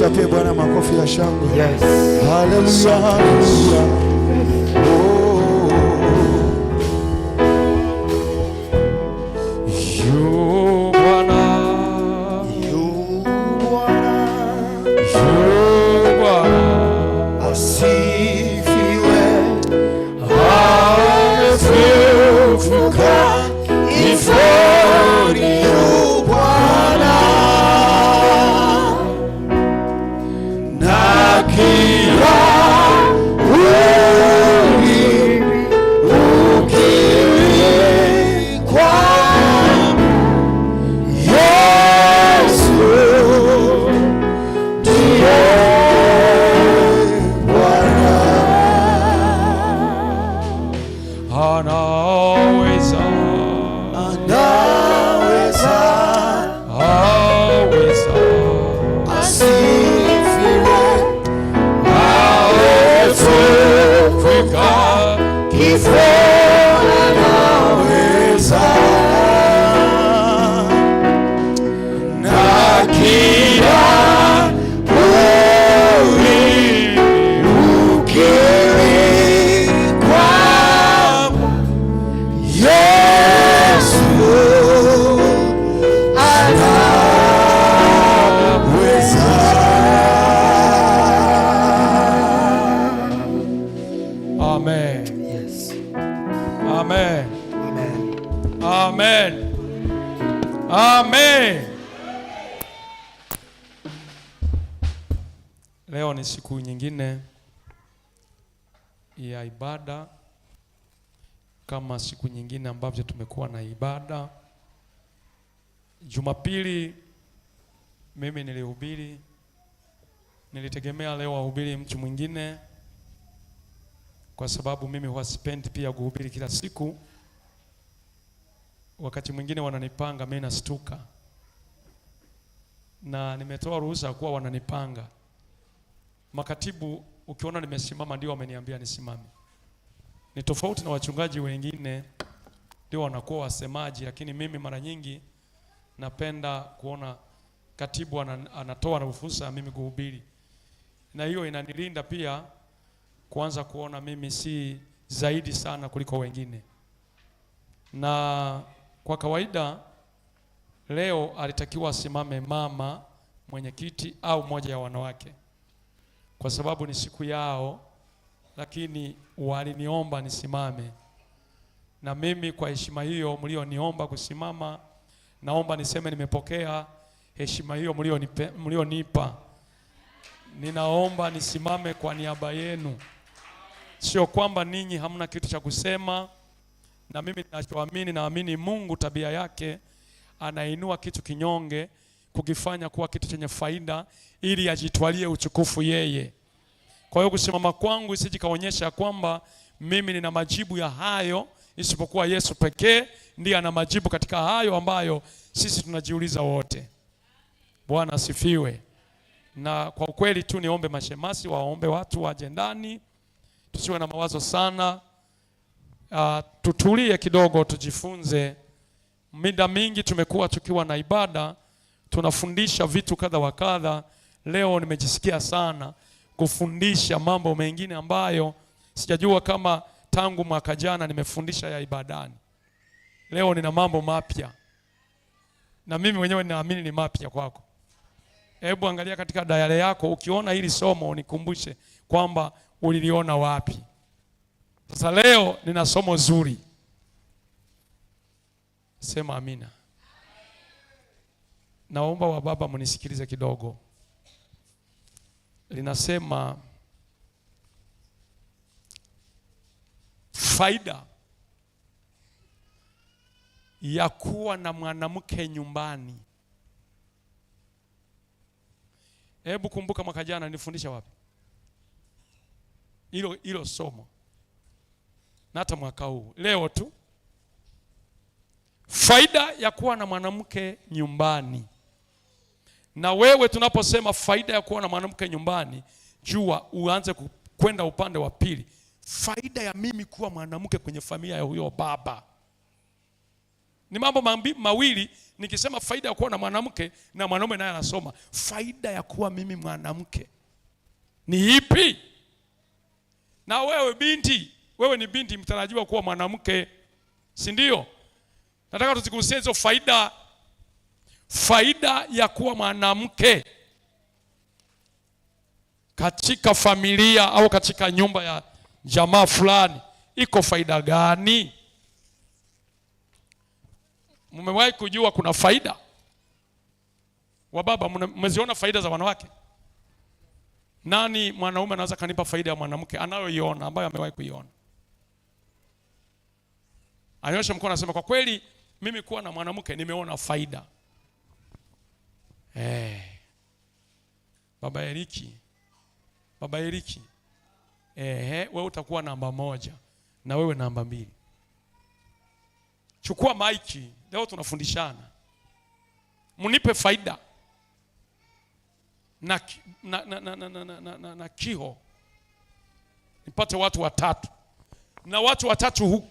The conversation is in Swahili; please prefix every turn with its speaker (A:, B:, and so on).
A: Mchapie Bwana makofi ya shangwe. Yes. Haleluya, haleluya. Amen. Amen. Leo ni siku nyingine ya ibada kama siku nyingine ambavyo tumekuwa na ibada. Jumapili mimi nilihubiri, nilitegemea leo wahubiri mtu mwingine, kwa sababu mimi huwa sipendi pia kuhubiri kila siku wakati mwingine wananipanga, mimi nastuka, na nimetoa ruhusa ya kuwa wananipanga. Makatibu ukiona nimesimama, ndio wameniambia nisimame. Ni tofauti na wachungaji wengine, ndio wanakuwa wasemaji, lakini mimi mara nyingi napenda kuona katibu anatoa na ufusa mimi kuhubiri, na hiyo inanilinda pia kuanza kuona mimi si zaidi sana kuliko wengine na kwa kawaida leo alitakiwa asimame mama mwenyekiti au moja ya wanawake, kwa sababu ni siku yao, lakini waliniomba nisimame, na mimi kwa heshima hiyo mlioniomba kusimama, naomba niseme nimepokea heshima hiyo mlionipa. Ninaomba nisimame kwa niaba yenu, sio kwamba ninyi hamna kitu cha kusema na mimi ninachoamini, naamini Mungu tabia yake anainua kitu kinyonge kukifanya kuwa kitu chenye faida ili ajitwalie utukufu yeye. Kwa hiyo kusimama kwangu isije kaonyesha kwamba mimi nina majibu ya hayo, isipokuwa Yesu pekee ndiye ana majibu katika hayo ambayo sisi tunajiuliza wote. Bwana asifiwe. Na kwa ukweli tu niombe mashemasi waombe watu waje ndani, tusiwe na mawazo sana uh, tutulie kidogo, tujifunze. Mida mingi tumekuwa tukiwa na ibada, tunafundisha vitu kadha wa kadha. Leo nimejisikia sana kufundisha mambo mengine ambayo sijajua kama tangu mwaka jana nimefundisha ya ibadani. Leo nina mambo mapya na mimi mwenyewe ninaamini ni mapya kwako. Hebu angalia katika dayale yako, ukiona hili somo unikumbushe kwamba uliliona wapi. Sasa leo nina somo zuri, sema amina. Naomba wa baba mnisikilize kidogo, linasema faida ya kuwa na mwanamke nyumbani. Hebu kumbuka mwaka jana nilifundisha wapi hilo hilo somo? na hata mwaka huu leo tu, faida ya kuwa na mwanamke nyumbani. Na wewe tunaposema faida ya kuwa na mwanamke nyumbani, jua uanze kwenda upande wa pili, faida ya mimi kuwa mwanamke kwenye familia ya huyo baba. Ni mambo mawili. Nikisema faida ya kuwa na mwanamke na mwanaume naye anasoma, faida ya kuwa mimi mwanamke ni ipi? Na wewe binti wewe ni binti mtarajiwa kuwa mwanamke, si ndio? Nataka tuzigusie hizo faida, faida ya kuwa mwanamke katika familia au katika nyumba ya jamaa fulani, iko faida gani? Mmewahi kujua kuna faida? wa baba mmeziona faida za wanawake? Nani mwanaume anaweza kanipa faida ya mwanamke anayoiona ambayo amewahi kuiona? Anyosha mkono anasema kwa kweli mimi kuwa na mwanamke nimeona faida. Eh. Baba Eriki. Baba Eriki. Eh, wewe utakuwa namba moja na wewe namba mbili. Chukua maiki, leo tunafundishana. Mnipe faida na, na, na, na, na, na, na, na kiho nipate watu watatu na watu watatu huko